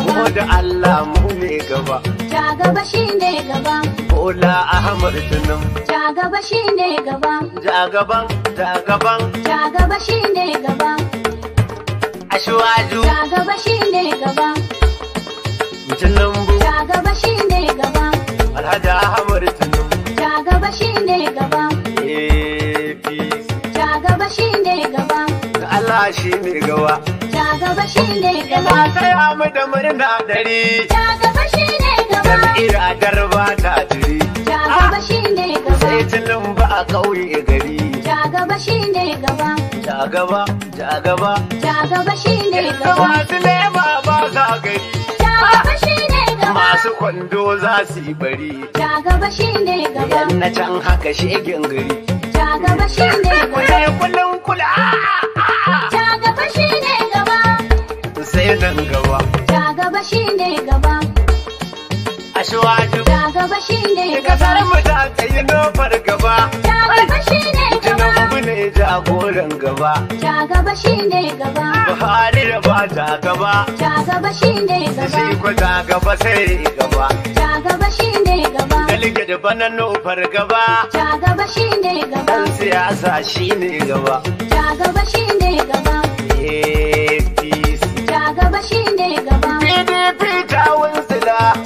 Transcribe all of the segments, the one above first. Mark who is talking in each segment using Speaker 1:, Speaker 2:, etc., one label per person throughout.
Speaker 1: mu
Speaker 2: da Allah mu ne gaba.
Speaker 1: Ja gaba shi ne gaba.
Speaker 2: Bola Ahmad Tunum.
Speaker 1: Ja gaba shi ne gaba. Ja gaban, ja gaban. Ja gaba shi ne gaba. Ashwaju. Ja gaba shi ne gaba. Tunumbu. Ja gaba shi ne gaba.
Speaker 2: Alhaji Ahmad Tunum.
Speaker 1: Ja gaba shi ne gaba.
Speaker 2: Ebi.
Speaker 1: Ja gaba shi ne gaba.
Speaker 2: Allah shi ne gaba.
Speaker 1: gaba shi ne gaba. Sai amu da murna dare. Ja gaba shi ne gaba. Jam'iyyar
Speaker 2: adar ba ta jiri.
Speaker 1: Ja gaba shi ne gaba. Sai
Speaker 2: tilin ba a ƙauye gari.
Speaker 1: Ja gaba shi ne gaba.
Speaker 2: Ja gaba, ja gaba.
Speaker 1: Ja gaba shi ne gaba. Masu lema ba za gari. Ja gaba shi ne gaba.
Speaker 2: Masu kwando za su yi bari.
Speaker 1: Ja gaba shi ne gaba. Yan
Speaker 2: na can haka shegin gari.
Speaker 1: Ja gaba shi ne
Speaker 2: ne nan gaba.
Speaker 1: Ja gaba shi ne gaba. A shuwaju. Ja gaba shi ne gaba. Kasar mu ta ka yi nofar gaba. Ja gaba shi ne gaba.
Speaker 2: Tinubu ne jagoran gaba.
Speaker 1: Ja gaba shi ne gaba. Buhari da ba ja gaba. Ja gaba shi ne gaba. Shi
Speaker 2: ko ja gaba sai gaba.
Speaker 1: Ja gaba shi ne gaba.
Speaker 2: Dalige da bana nufar gaba.
Speaker 1: Ja gaba shi ne gaba. Dan
Speaker 2: siyasa shi ne gaba.
Speaker 1: Ja gaba shi shi ne gaba. ta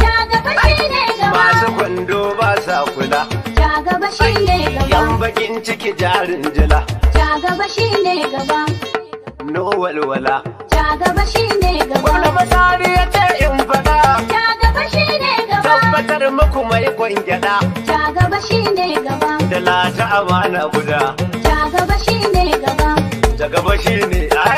Speaker 1: Ja gaba shi ne gaba. Masu
Speaker 2: kwando ba sa kula.
Speaker 1: Ja gaba shi ne gaba. Yan
Speaker 2: bakin ciki jarin jila.
Speaker 1: Ja gaba shi ne gaba. walwala. Ja gaba shi ne gaba. ya in faɗa. Ja gaba shi ne gaba. Tabbatar muku Ja gaba shi ne gaba.
Speaker 2: amana guda. Ja gaba shi ne gaba.